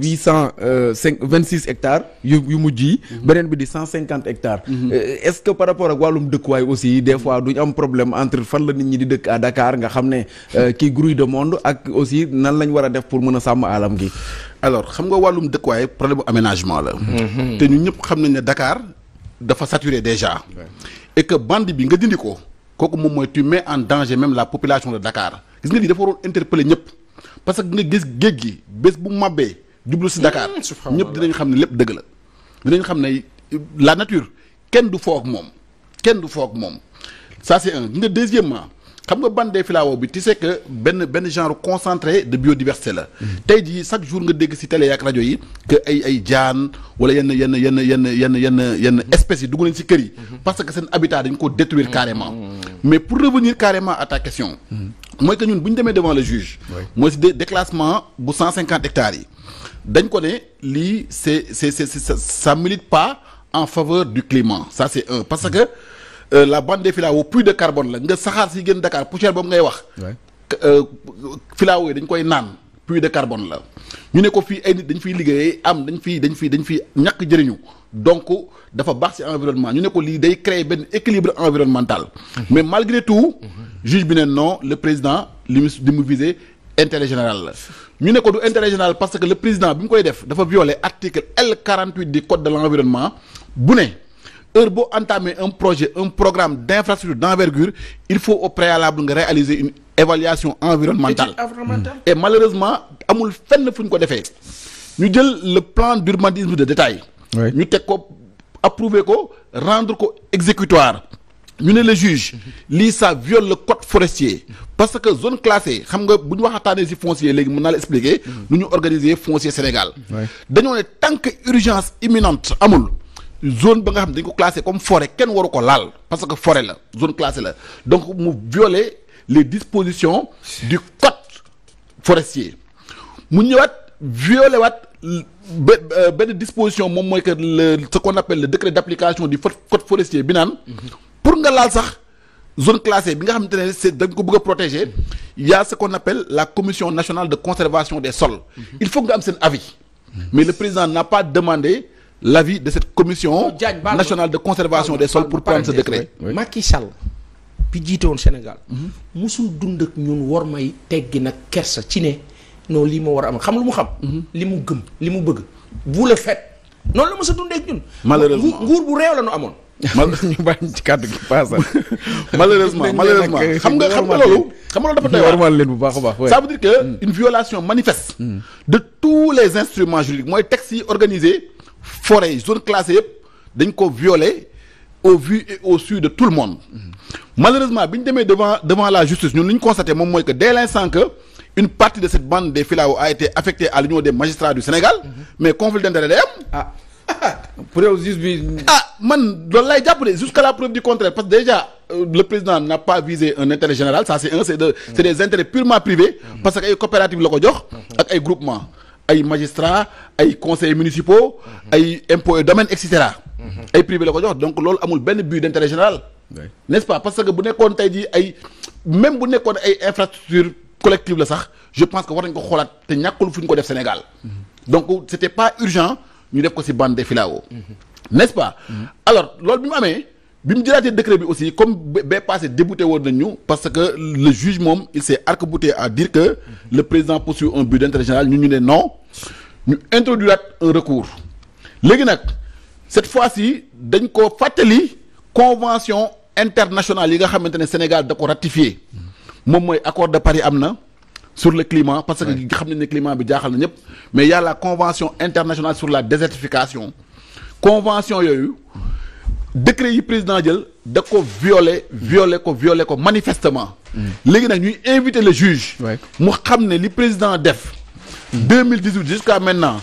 huit cent euh, cinq vingt six hectares yu yu mujj yi mhm. beneen bi di cent cinquante hectares mhm. euh, est-ce que par rapport ak wàllum dëkkuwaay aussi des fois duñ am problème entre fan la nit ñi di dëkk à Dakar nga xam ne euh, mhm. kii grouille de monde ak aussi nan lañ war a def pour mën a sàmm alam gi alors xam nga wàllum dëkkuwaay problème aménagement la te ñu ñëpp xam nañ ne dakaar dafa saturé déjà et que bi nga dindi ko kooku moom mooy tu mets en danger même la population de Dakar gis nga lii dafa waroon interpeller ñëpp parce que nga gis géej gi bés bu mabbee jublu si Dakar. Mm, ñëpp dinañ xam ne lépp dëgg la. dinañ xam ne la nature kenn du foog moom kenn du foog moom ça c'est un nga deuxièmement xam nga bande des filao bi ti sais benn benn genre concentré de biodiversité la. Mm. tey jii chaque jour nga dégg si télé ak rajo yi que ay ay jaan wala yenn yenn yenn yenn yenn yenn yenn espèces yi dugg nañ si kër yi. Mm-hmm. parce que seen habitat dañ ko détruire mm-hmm. carrément. Mm-hmm. mais pour revenir carrément à ta mooy que ñun bu ñu demee devant le juge. mooy si déclassement bu 150 hectares yi dañ ko ne lii c'est c'est c'est ça milite pas en faveur du climat ça c'est un parce que euh, la bande de filaos puits de carbone la nga saxaar si gën Dakar poussière boobu ngay wax. Euh, filaos yi dañ koy naan puits de carbone la ñu ne ko fii ay nit dañ fiy liggéey am dañ fiy dañ fiy dañ fiy ñàkk jëriñu. donc dafa baax ci environnement ñu ne ko lii day créer benn équilibre environnemental mais malgré tout juge bi ne non le président li mu li mu visé intérêt général la ñu ne ko du intérêt général parce que le président bi mu koy def dafa violer article L 48 du code de l'environnement bu ne heure bo entamer un projet un programme d'infrastructure d'envergure il faut au préalable nga réaliser une évaluation environnementale et malheureusement amul fenn fu ñu ko defee ñu jël le plan d'urbanisme de détail ñu teg ko approuver ko rendre ko exécutoire ñu ne le juge lii sa viole le code forestier parce que zone classée xam nga bu ñu waxataanee si foncier léegi mun naa la expliquer nu ñu organiser foncier Sénégal dañoo ne tant que urgence imminente amul zone ba nga xam dañ ko classé comme forêt kenn waru ko laal parce que forêt la zone classée la donc mu viole les disposition du code forestier mu ñëwaat viole waat Euh, benn disposition moom mooy que le ce qu'on appelle le décret d'application du code forestier bi naan pour nga laal sax zone classée bi nga xamante ne c'est da nga ko bëgg a protéger y a ce qu'on appelle la commission nationale de conservation des sol il faut nga am seen avis mais le président n'a pas demande l'avis de cette commission oh, nationale de conservation des sols pour prendre ce décret Macky Sall bi jiite woon Sénégal mhm. musul dund ak ñun war may teggi nag kersa ci ne non lii moo war a am xam lu mu xam. Mhm. li mu gëm li mu bëgg. vous le faites noonu la mos a dundee ak ñun. malheureusement nguur bu réew la ñu amoon. ñu bàyyi ci kàddu gi paasa malheureusement malheureusement xam nga xam nga loolu xam nga loolu dafa doy waar leen bu baax a baax ça veut dire que mm. une violation manifeste mm. de tous les instruments juridiques mooy textes yi organisés forêt zone classée yëpp dañ ko violé au vu et au su de tout le monde mm. malheureusement bi ñu demee devant devant la justice ñun li ñu constaté moom mooy que dès l'instant que une partie de cette bande des filao a été affectée à l'union des magistrats du Sénégal mais conflit d'intérêt day am ah pour yow juge bi ah man loolu lay jàppale jusqu'à la preuve du contraire parce que déjà euh, le président n'a pas visé un intérêt général ça c'est un c'est deux c'est des intérêts purement privés parce que ay coopératives la ko jox ay groupement ay magistrats ay conseillers municipaux ay impôts et domaines et privé la ko jox donc loolu amul benn but d'intérêt général n'est-ce pas parce que bu nekkoon tey jii ay même bu nekkoon ay collective la sax je pense que war nañ ko xoolaat te ñàkkul fu ñu ko def Sénégal donc c'était pas urgent ñu def ko ci bande filao mm-hmm. n'est-ce pas mm-hmm. alors loolu bi mu amee bi mu jëlaatee décret bi aussi comme bee passé débouté woon nañu parce que le juge moom il s'est arc-bouté à dire que mm-hmm. le président poursuit un but d'intérêt général ñu ñu ne non ñu introduiraat un recours léegi nag cette fois si dañ ko fàttali convention internationale yi nga xamante ne Sénégal da ko ratifié moom mooy accord de Paris am na sur le climat parce que xam ne ne climat bi jaaxal na ñëpp mais y a la convention internationale sur la désertification convention yooyu décret yi président jël da ko viole violé ko violé ko manifestement mm. léegi nag ñuy invité le juge mu xam ne li président def 2018 jusqu'à maintenant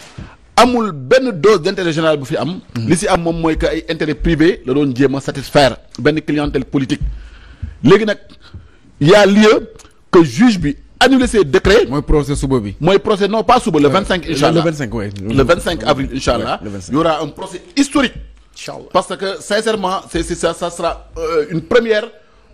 amul benn dose d'intérêt général bu fi am mm. li si am moom mooy que ay intérêt privé la doon jéem a satisfaire benn clientèle politique léegi nag y a lieu bi annuler ses décrets. mooy procès suba bi. mooy procès non pas suba le vingt cinq. incha allah le vingt cinq oui. le vingt cinq avril incha allah. y aura un procès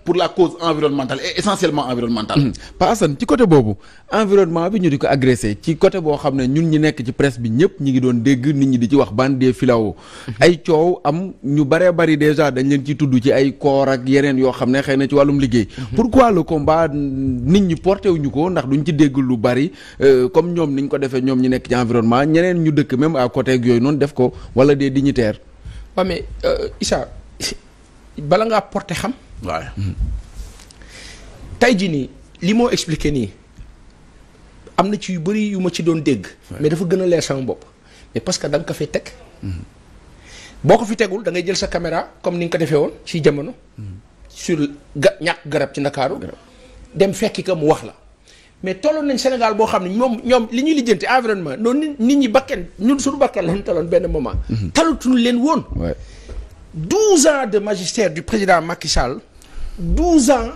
pour la cause environnementale et essentiellement environnementale. Pa Assane ci côté boobu environnement bi ñu di ko agressé ci côté boo xam ne ñun ñi nekk ci presse bi ñëpp ñi ngi doon dégg nit ñi di ci wax bande des filao ay coow am ñu baree bari déjà dañ leen ci tudd ci ay coor ak yeneen yoo xam ne xëy na ci wàllum liggéey. pour pourquoi le combat nit ñi porté wuñu ko ndax duñ ci dégg lu bari euh, comme ñoom niñ ko defee ñoom ñu nekk ci environnement ñeneen ñu dëkk même à côté def ko wala des dignitaires. waaw mais euh, Issa bala ngaa porté xam. waaw tey jii nii li moo expliqué nii am na ci yu bëri yu ma ci doon dégg. mais dafa gën a leer sama bopp. mais parce que da nga ko fi teg. Mm-hmm. boo ko fi tegul da ngay jël sa caméra comme ni nga ko defee woon ci jamono. Mm-hmm. sur ga ñàkk garab ci ndakaaru dem fekki ko mu wax la. mais tolloon nañ Sénégal boo xam ne ñoom ñoom li ñuy lijjanti environnement noonu nit ñi bakken ñun suñu bakken lañ taloon benn moment. Mm-hmm. talatuñu leen woon. 12 ans de magistère du président Macky Sall. douze ans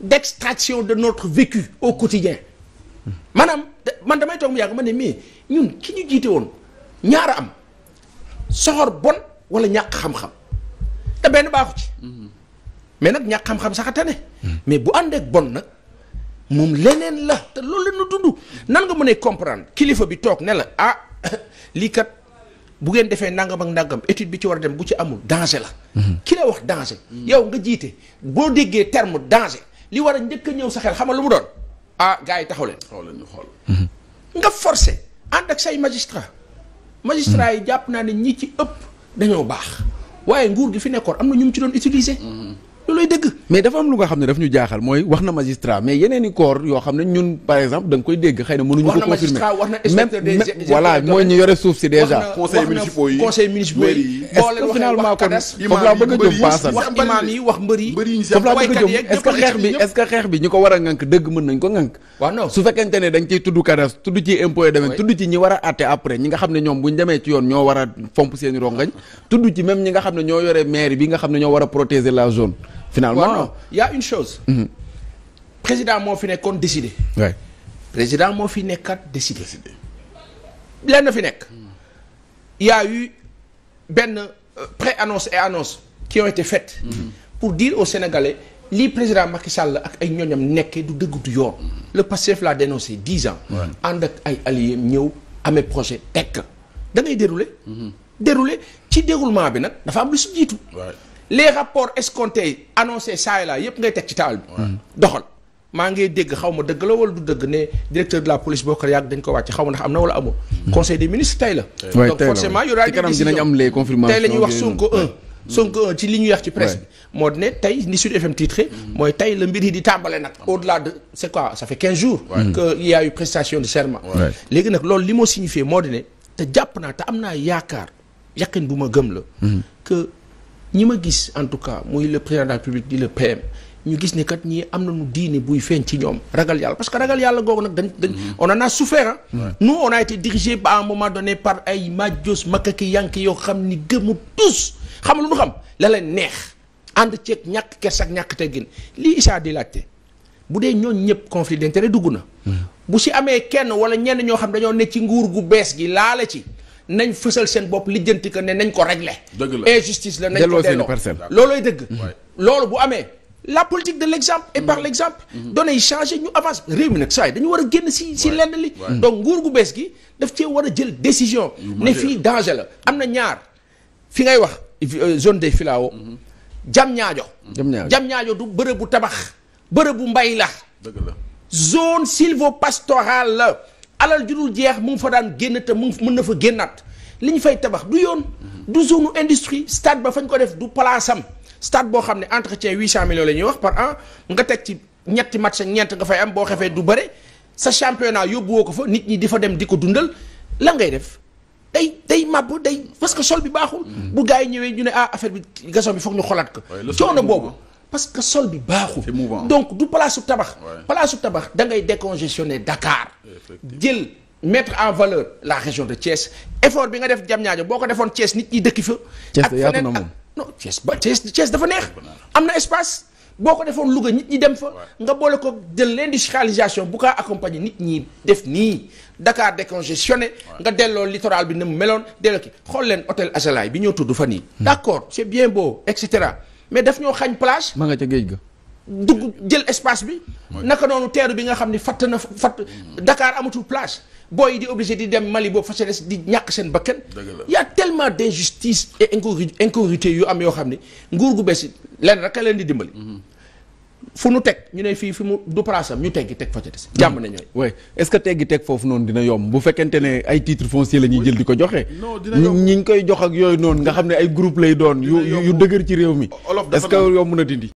d'extraction de notre vécu au quotidien maanaam man damay toog mu yàgg ma ne mais ñun ki ñu jiite woon ñaara am soxor bon wala ñàkk xam-xam te benn baaxu ci mais nag ñàkk xam-xam sax a tane mais bu àndeek bon nag moom leneen la te loolu la ñu dund nan nga mën a comprendre kilifa bi toog ne la ah lii kat bu ngeen defee nangam ak nangam étude bi ci war a dem bu ci amul danger la. ki la wax danger. yow nga jiite boo déggee terme danger li war a njëkk a ñëw sa xel xamal lu mu doon ah gars yi taxaw leen. taxaw leen ñu xool. nga forcé ànd ak say magistrat magistrat yi jàpp naa ne ñi ci ëpp dañoo baax waaye nguur gi fi nekkoon am na ñu mu ci doon utiliser. loolooy dëgg mais dafa am lu nga xam ne daf ñu jaaxal mooy wax na magistrat mais yeneen i corps yoo xam ne ñun par exemple da nga koy dégg xëy na mënuñu ko confirmer wax na inspecteur des voilà mooy ñu yore suuf si déjà conseil municipal yi conseil municipal yi est-ce que finalement kon foofu laa bëgg a jëm paasal wax imaam yi wax mbër yi foofu laa bëgg a jëm est-ce que xeex bi est-ce que xeex bi ñu ko war a ngànk dëgg mën nañ ko ngànk waaw non su fekkente ne dañ ciy tudd kadas tudd ci impôt yi demee tudd ci ñi war a àtte après ñi nga xam ne ñoom buñ demee ci yoon ñoo war a fomp seeni rongañ tudd ci même ñi nga xam ne ñoo yore maire bi nga xam ne ñoo war a protéger la zone finalement ouais, une chose. Mhm. moo fi nekkoon décidé. président moo fi nekkat décidé. lenn fi nekk. y a eu benn euh, pré-annonce et annonce qui ont été faites. Mhm. pour dire au Sénégalais lii président Macky Sall ak ay ñooñam nekkee du dëggutu du yoon. le Pastef l'a dénoncé dix ans. ànd ak ay alliés ñëw amee projet tekk da ngay mhm. dérouler. ci déroulement bi nag dafa am lu si jiitu. les rapports escomptés annoncés ça et là yëpp ngay teg ci taal bi. doxal maa ngi dégg xaw ma dëgg la wala du dëgg ne directeur de la police boo ko yàgg dañ ko wàcc xaw ma ndax am na wala amul. Hmm. conseil des ministres tey la. donc forcément y aura wax Sonko un moo di ne ni Sud FM hmm. mooy tey la mbir yi di tàmbale nag au delà de c' est quoi ça fait 15 jours. que il prestation de serment. léegi nag loolu li moo signifié moo di ne te jàpp naa te am naa yaakaar yaqin bu ma gëm la. Hmm. ñi ma gis en tout cas muy le président de la République di le PM ñu gis ni kat ñii am na nañu diine buy feeñ ci ñoom ragal yàlla parce que ragal yàlla googu nag dañ dañ mm-hmm. on en a souffert ah nous on a été dirigé ba un moment donné par ay majjos makaki yanki yoo xam ni gëmu tous xam lu nu xam laleen neex ànd ceeg ñàkk kes ak ñàkk teggin lii Issa di laajte bu dee ñooñ ñëpp conflit d'intérêt dugg na bu si amee kenn wala ñenn ñoo xam dañoo ne ci nguur gu bees gi laala ci nañ fësal seen bopp lijjanti que ne nañ ko régler. dëgg la la nañ ko delloo loolooy dëgg. loolu bu amee. la politique de l'exemple et par mm-hmm. l'exemple mm-hmm. données yi changé ñu avance réew mi nag saa yi dañu war a génn si si lenn li donc nguur gu bees gi daf cee war a jël décision ne fii danger la am na ñaar fi ngay wax euh, zone des filao mm-hmm. jam ñaajo jam ñaajo du bërëb bu tabax bërëb bu mbay la zone sylvopastorale la alal ju dul jeex mu ngi fa daan génn te mu ngi fa mun na fa génnaat li ñu fay tabax du yoon. Mhm. du zone industrie stade ba fañ ko def du palaasam stade boo xam ne entretien 800 millions la ñuy wax par an nga teg ci ñetti match ak nga fay am boo xefee du bëre sa yóbbu woo ko fa nit ñi di fa dem di ko dundal la ngay def. day day màbb day parce que sol bi baaxul. Mhm. bu gars yi ñëwee ñu ne ah affaire bi gason bi foog ñu xolaat ko. coono boobu. parce que sol bi baaxul donc du palaasu tabax palaasu tabax dangay ngay décongestionner Dakar jël mettre en valeur la région de Thiès effort bi nga def Diamniadio boo ko defoon Thiès nit ñi dëkki fa ak feneen non Thiès ba dafa neex am na espace boo ko defoon Louga nit ñi dem fa nga boole ko jël leen l'industrialisation bu kaa accompagner nit ñi def nii Dakar décongestionné nga delloo littoral bi na mu meloon delloo ki xool leen hôtel Azalaï bi ñoo tudd fan yi hmm. d'accord c'est bien beau et cetera mais daf ñoo xañ plage. ma nga ca géej ga. dugg jël espace bi. naka noonu teeru bi nga xam ni fatt na fatt. dakaar amatul plage. booy yi di obligé di dem Mali boobu fas di ñàkk seen bakkan. y a tellement d' injustice et inco incongruité yu am yoo xam ni nguur gu bees yi lenn rek leen di dimbali. Mm-hmm. fu ñu teg ñu ne fii fu mu du palaasam ñu teggi teg fa ca des. jàmm na ñooy. est-ce que teggi teg foofu noonu dina yomb bu fekkente ne ay titres fonciers la ñuy jël di ko joxe. ñi ñu koy jox ak yooyu noonu nga xam ne ay groupe lay doon. yu yu dëgër ci réew mi. est-ce que yomb na dindi.